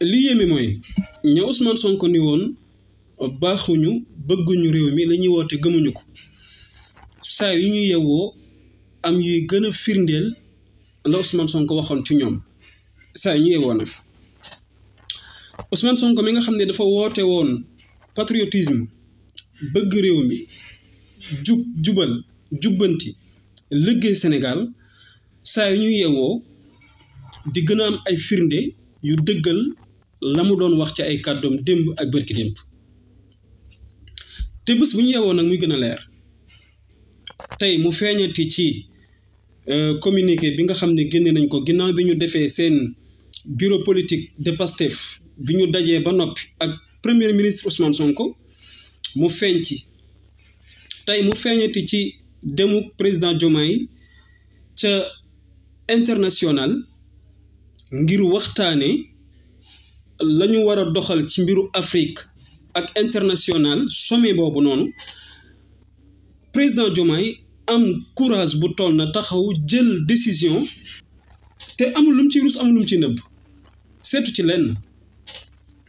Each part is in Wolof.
li yéeme mooy ña Ousmane Sonko ni woon baaxuñu bëgguñu réew mi lañuy woote gëmuñu ko saa yu ñu yewwoo am yuy gën a firndeel la Ousmane Sonko waxoon ci ñoom saa yu ñu yewwoo nag Ousmane Sonko mi nga xam ne dafa woote woon patriotisme bëgg réew mi jub jubal jubbanti liggéey Sénégal saa yu ñu yewwoo di gën a am ay firnde yu dëggal la mu doon wax ci ay kàddoom démb ak bërki démb te bés bu ñu yeewoo nag muy gën a leer tey mu feeñati ci euh, communiqué bi nga xam ne génne nañ ko ginnaaw bi ñu defee seen bureau politique de Pastef bi ñu dajee ba noppi ak premier ministre Ousmane Sonko mu feeñ ci tey mu feeñati ci demuk président Diomaye ca international ngir waxtaane lañu wara doxal ci mbiru Afrique ak international sommet boobu noonu président Diomaye am courage bu toll na taxaw jël décision te amul lum ci rus amul lum ci nëbb seetu ci lenn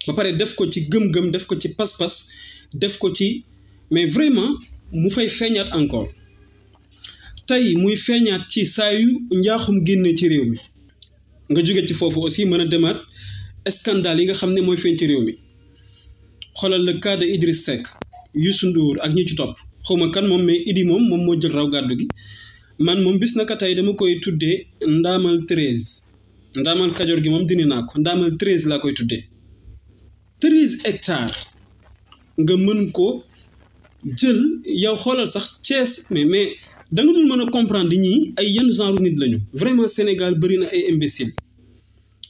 ba pare def ko ci gëm-gëm def ko ci pas-pas def ko ci mais vraiment mu fay feeñaat encore tey muy feeñaat ci saa yu njaaxum génne ci réew mi nga jóge ci foofu aussi mën a demaat scandale yi nga xam ne mooy feeñ ci réew mi xoolal le cas de Idriss Seck Youssou Ndour ak ñi ci topp xawma kan moom mais Idi moom moom moo jël raw gàddu gi man moom bis ka tey dama koy tuddee ndaamal 13 ndaamal kajoor gi moom dindi naa ko ndaamal 13 laa koy tuddee 13 hectares nga mën ko jël yow xoolal sax Thiès mais mais da nga dul mën a comprendre ñii ay yan genre nit lañu vraiment Sénégal bëri na ay imbécile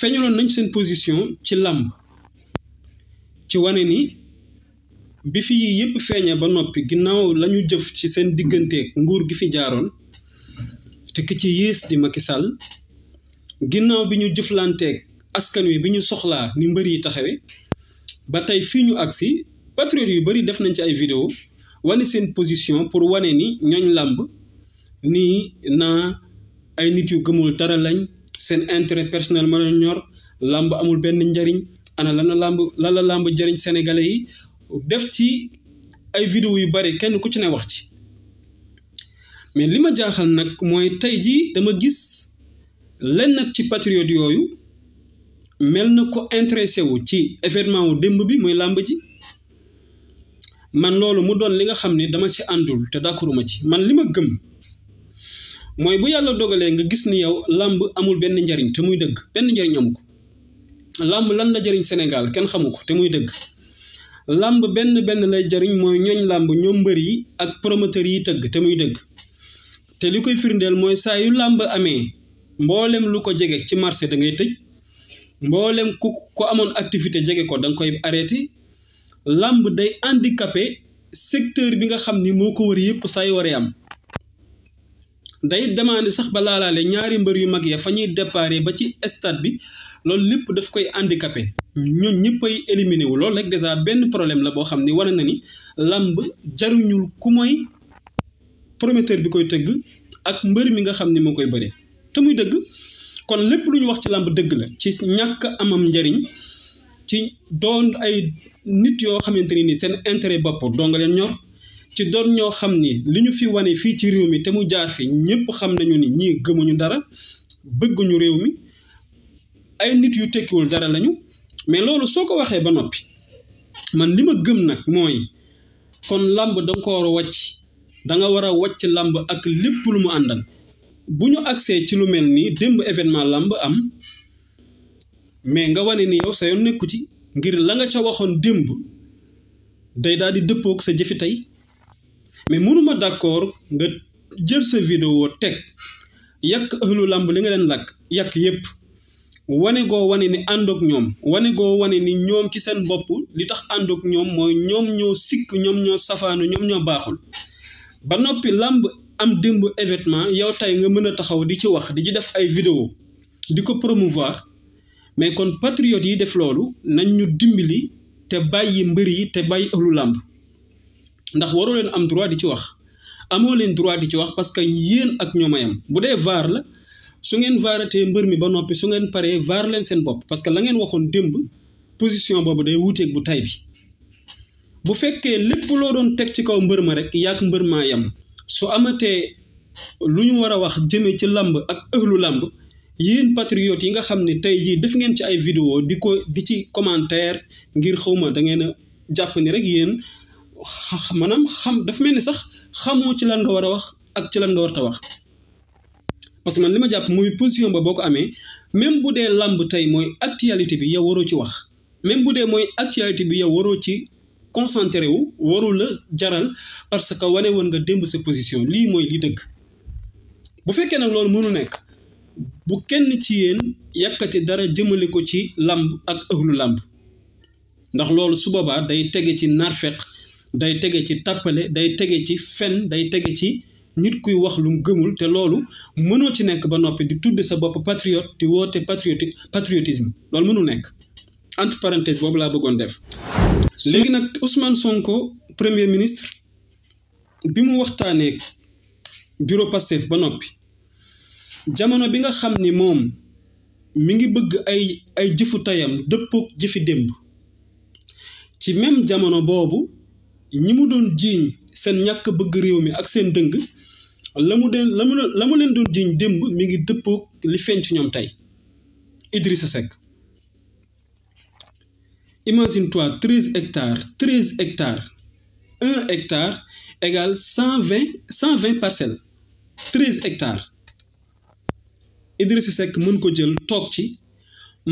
feeñaloon nañ seen position ci làmb ci wane ni bi fi yii yëpp feeñee ba noppi ginnaaw lañu jëf ci seen digganteeg nguur gi fi jaaroon te ki ci yées di Macky Sall ginnaaw bi ñu jëflanteek askan wi bi ñu soxlaa ni mbër yi taxawe ba tey fii ñu agsi patriote yu bari def nañ ci ay vidéo wane seen position pour wane ni ñooñ làmb nii naa ay nit yu gëmul dara lañ seen intérêt personnel mën a ñor làmb amul benn njariñ ana lan la làmb lan la làmb jëriñ sénégalais yi def ci ay video yu bari kenn ku ci ne wax ci mais li ma jaaxal nag mooy tey jii dama gis lenn ci patriote yooyu mel na ko intéressé wu ci événement wu démb bi muy làmb ji man loolu mu doon li nga xam ni dama ci àndul te d'accorduma ci man li ma gëm mooy bu yàlla dogalee nga gis ni yow lamb amul benn njariñ te muy dëgg benn njariñ amu ko làmb lan la jariñ Sénégal kenn xamu ko te muy dëgg lamb benn benn lay jariñ mooy ñooñ lamb ñoom mbër yi ak promoteur yi tëgg te muy dëgg te li koy firndeel mooy saa yu lamb amee mboolem lu ko jege ci marché da ngay tëj mboolem ku ko amoon activité jege ko da nga koy arrêté lamb day handicapé secteur bi nga xam ni moo ko wër yëpp saa yu am day demandé sax ba laalaale ñaari mbër yu mag ya fa ñuy déparé ba ci stade bi loolu lépp daf koy handicapé ñun ñëpp ay éliminé wu loolu rek dèjà benn problème la boo xam ni wane na ni làmb jaruñul ku mooy promoteur bi koy tëgg ak mbër mi nga xam ni moo koy bëree te muy dëgg kon lépp lu ñu wax ci làmb dëgg la ci ñàkk amam njariñ ci doon ay nit yoo xamante ni seen intérêt bopp doo nga leen ñor ci doon ñoo xam ni li ñu fi wane fii ci réew mi te mu jaar fi ñëpp xam nañu ni ñii gëmuñu dara bëgguñu réew mi ay nit yu tekkiwul dara lañu mais loolu soo ko waxee ba noppi man li ma gëm nag mooy kon làmb da ko war a wàcc danga war a wàcc làmb ak lépp lu mu àndal bu ñu agsee ci lu mel nii démb événement làmb am mais nga wane ni yow sa yoon nekku ci ngir la nga ca waxoon démb day daal di dëppoog sa jëfi tey mais mënuma d'accord nga jël sa vidéo teg yàq ëllu làmb li nga leen lakk yàq yépp wane goo wane ni àndoog ñoom wane goo wane ni ñoom ci seen bopp li tax àndoog ñoom mooy ñoom ñoo sikk ñoom ñoo safaanu ñoom ñoo baaxul ba noppi làmb am démb évétement yow tey nga mën a taxaw di ci wax di ci def ay vidéo di ko promouvoir mais kon patriotes yi def loolu nañ ñu dimbali te bàyyi mbër yi te bàyyi ëllu làmb ndax waru leen am droit di ci wax amoo leen droit di ci wax parce que yéen ak ñoom a bu dee vaar la su ngeen vaaratee mbër mi ba noppi su ngeen paree vaar leen seen bopp parce que la ngeen waxoon démb position boobu day wuuteeg bu tay bi bu fekkee lépp loo doon teg ci kaw mbër ma rek yaak mbër maa yem su amatee lu ñu war a wax jëmee ci làmb ak ëhlu làmb yéen patriotes yi nga xam ni tey jii def ngeen ci ay vidéo di ko di ci commentaire ngir xawma da ngeen a jàpp ni rek yéen xa maanaam xam dafa mel ni sax xamoo ci lan nga war a wax ak ci lan nga war a wax parce que man li ma jàpp mooy position ba boo ko amee même bu dee làmb tey mooy actualité bi yow waroo ci wax même bu dee mooy actualité bi yow waroo ci concentré wu waru la jaral parce que wane woon nga démb sa position lii mooy li dëgg bu fekkee nag loolu mënu nekk bu kenn ci yéen yàkkati dara jëmale ko ci làmb ak ëhlu làmb ndax loolu su boobaa day tege ci narfeq day tege ci tappale day tege ci fen day tege ci nit kuy wax lu mu gëmul te loolu mënoo ci nekk ba noppi di tudd sa bopp patriote di woote patriotique patriotisme loolu mënul nekk entre parenthèse boobu laa bëggoon def. léegi nag Ousmane Sonko premier ministre bi mu waxtaanee bureau Pastef ba noppi jamono bi nga xam ni moom mi ngi bëgg ay ay jëfu tayam dëppook jëfi démb ci même jamono boobu. On ne peut pas dire qu'il y a de l'eau de l'eau, on ne peut pas de l'eau, on peut dire qu'il de Imagine-toi 13 hectares, 13 hectares. 1 hectare égale 120 parcelles. 13 hectares.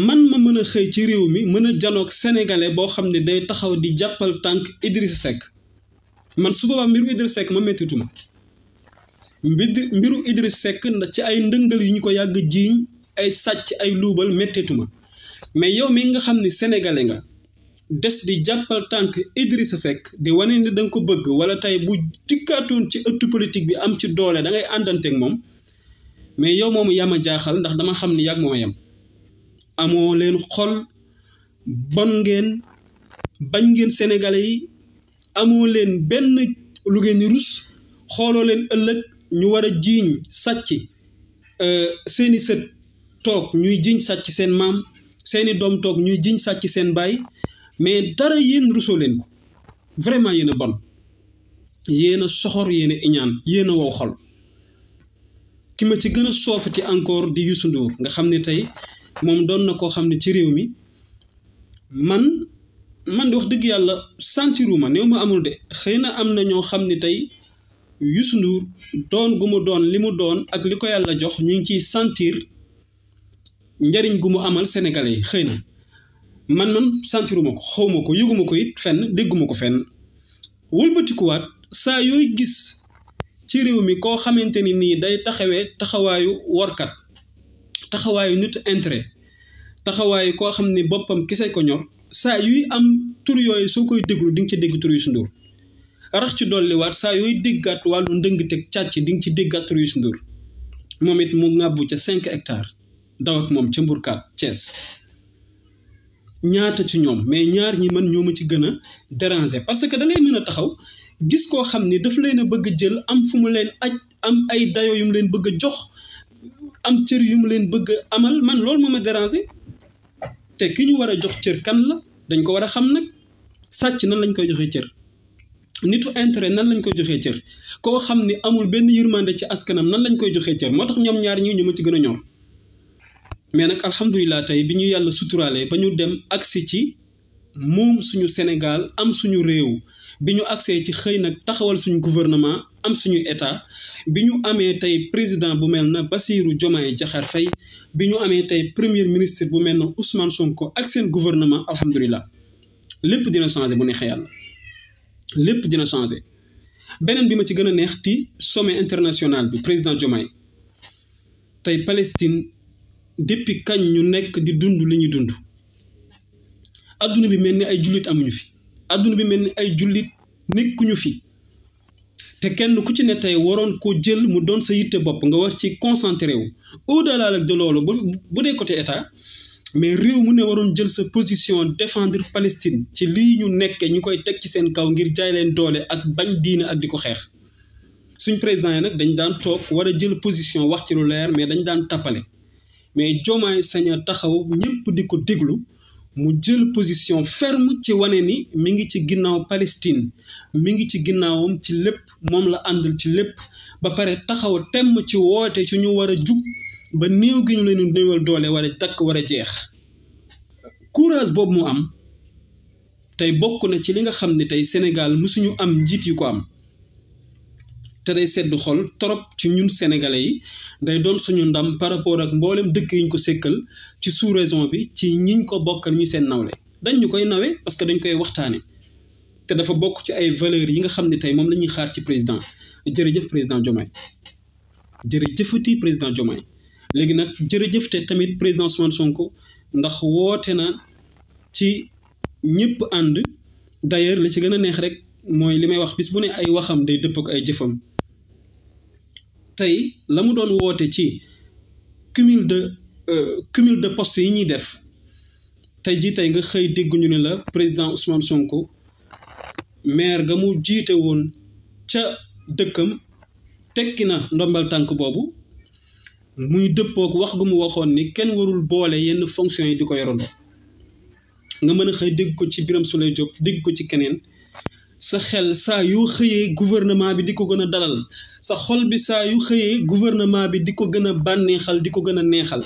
man ma mën a xëy ci réew mi mën a janoog sénégalais boo xam ne day taxaw di jàppal tànk Idrissa Seck man su boobaa mbiru Idrissa Seck ma méttituma mbid mbiru Idrissa Seck ci ay ndëngal yu ñu ko yàgg jiiñ ay sàcc ay luubal méttituma mais yow mi nga xam ne sénégalais nga des di jàppal tànk Idrissa Seck di wane ne danga ko bëgg wala tey bu dikkaatoon ci ëtt politique bi am ci doole da ngay àndanteeg moom mais yow moomu yaa ma jaaxal ndax dama xam ni yàgg mooma yem amoo leen xol bon ngeen bañ ngeen sénégalais yi amoo leen benn lu ngeen ni rus xooloo leen ëllëg ñu war a jiiñ sàcc euh, seeni sët toog ñuy jiiñ sàcc seen maam seeni doom toog ñuy jiiñ sàcc seen baay mais dara yéen rusoo leen ko vraiment yéen a bon yéen a soxor yéen iñaan yéen a wow xol ki ma ci gën a soofati encore di Youssou Ndour nga xam ni tey moom doon na koo xam ne ci réew mi man man de wax dëgg yàlla sentiruma néew ma amul de xëy na am na ñoo xam ne tey Youssou Ndour doon gu mu doon li mu doon ak li ko yàlla jox ñu ngi ciy sentir njariñ gu mu amal sénégalais yi xëy na man man sentiruma ko xawma ko yëguma ko it fenn dégguma ko fenn wëlbatikuwaat saa yooy gis ci réew mi koo xamante ni nii day taxawee taxawaayu workat taxawaayu nitu intérêt taxawaayu koo xam ne boppam kese ko ñor saa yuy am tur yooyu soo koy déglu di nga ci dégg tur yu si nduur rax ci dolliwaat saa yooyu déggaat wàllu ndëng teg càcc di nga ci déggaat tur yu si nduur moom it mu ŋàbbu ca cinq hectares daw moom ca mburkaat cees ñaata ci ñoom mais ñaar ñi man ñoo ma ci gën a déranger parce que dangay ngay mën a taxaw gis koo xam ni dafa leen a bëgg jël am fu mu leen aj am ay dayo yu leen bëgg a jox am cër yu mu leen bëgg a amal man loolu moom ma déranger te ki ñu war a jox cër kan la dañ ko war a xam nag sàcc nan lañ koy joxee cër nitu intérêt nan lañ koy joxee cër koo xam ni amul benn yërmande ci askanam nan lañ koy joxee cër moo tax ñoom ñaar ñii ñu ma ci gën a ñor mais nag alhamdulilah tey bi ñu yàlla suturaalee ba ñu dem agsi ci moom suñu Sénégal am suñu réew bi ñu agsee ci xëy taxawal suñu gouvernement am suñu état bi ñu amee président bu mel na Bassirou Diomaye Diakhar Faye bi premier ministre bu mel Ousmane Sonko ak seen gouvernement alhamdulilah lépp dina changé bu neexee yàlla lépp dina changé beneen bi ma ci gën sommet international bi président Diomaye tey Palestine depuis kañ ñu nekk di dund dund adduna bi mel ni ay jullit amuñu fi adduna bi mel ni ay jullit nekkuñu fi te kenn ku ci ne tey waroon koo jël mu doon sa yitte bopp nga war ci concentré wu au delà de loolu bu bu dee côté état mais réew mu ne waroon jël sa position défendre Palestine ci lii ñu nekkee ñu koy teg ci seen kaw ngir jaay leen doole ak bañ diine ak di ko xeex. suñ président yi nag dañ daan toog war a jël position wax ci lu leer mais dañ daan tappale mais Diomaye saña a taxaw ñëpp di ko déglu. mu jël position ferme ci wane ni mi ngi ci ginnaaw Palestine mi ngi ci ginnaawam ci lépp moom la àndal ci lépp ba pare taxaw temm ci woote ci ñu war a jug ba néew gi ñu leen néewal doole war a takk war a jeex courage boobu mu am tey bokk na ci li nga xam ni tey Sénégal mësuñu am njiit yu ko am te day seddu xol trop ci ñun sénégalais yi day doon suñu ndam par rapport ak mbooleem dëkk yi ñu ko sékkal ci sous raison bi ci ñiñ ko bokkal ñu seen nawle dañ ñu koy nawee parce que dañ koy waxtaane te dafa bokk ci ay valeurs yi nga xam ne tey moom la ñuy xaar ci président jërëjëf président Diomaye jërëjëfati président Diomaye léegi nag jërëjëf te tamit président Ousmane Sonko ndax woote na ci ñëpp ànd d'ailleurs la ci gën a neex rek mooy li may wax bis bu ne ay waxam day dëpp ak ay jëfam tey la mu doon woote ci cumul de euh, cumul de postes yi ñuy def tey jii tey nga xëy dégguñu ne la président Ousmane Sonko maire ga mu jiite woon ca dëkkam tekki na ndombal tànk boobu muy dëppook wax gu mu waxoon ni kenn warul boole yenn fonction yi di ko yorandoo nga mën a xëy dégg ko ci Birame Souleye Diop dégg ko ci keneen sa xel saa yu xëyee gouvernement bi di ko gën a dalal sa xol bi saa yu xëyee gouvernement bi di ko gën a bànneexal di ko gën a neexal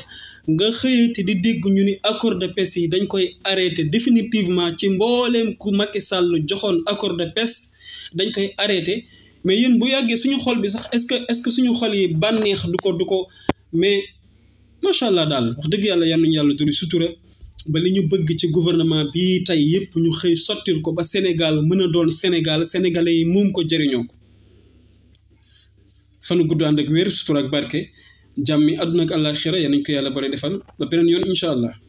nga xëyee te di dégg ñu ni accord de pêche yi dañ koy arrêté définitivement ci mboolem ku Macky Sall joxoon accord de pêche dañ koy arrêté mais yéen bu yàggee suñu xol bi sax est-ce que est-ce que suñu xol yi bànneex du ko du ko mais macha allah daal wax dëgg yàlla yal nañu yàlla turi sutura ba li ñu bëgg ci gouvernement bi tey yëpp ñu xëy sottil ko ba Sénégal mën a doon Sénégal sénégalais yi moom ko jëriñoo ko fanu gudd ànd ak wér sutur ak barke jàmmi àdduna ak àllaaxira yéen nañ ko yàlla bare defal ba beneen yoon incha allah.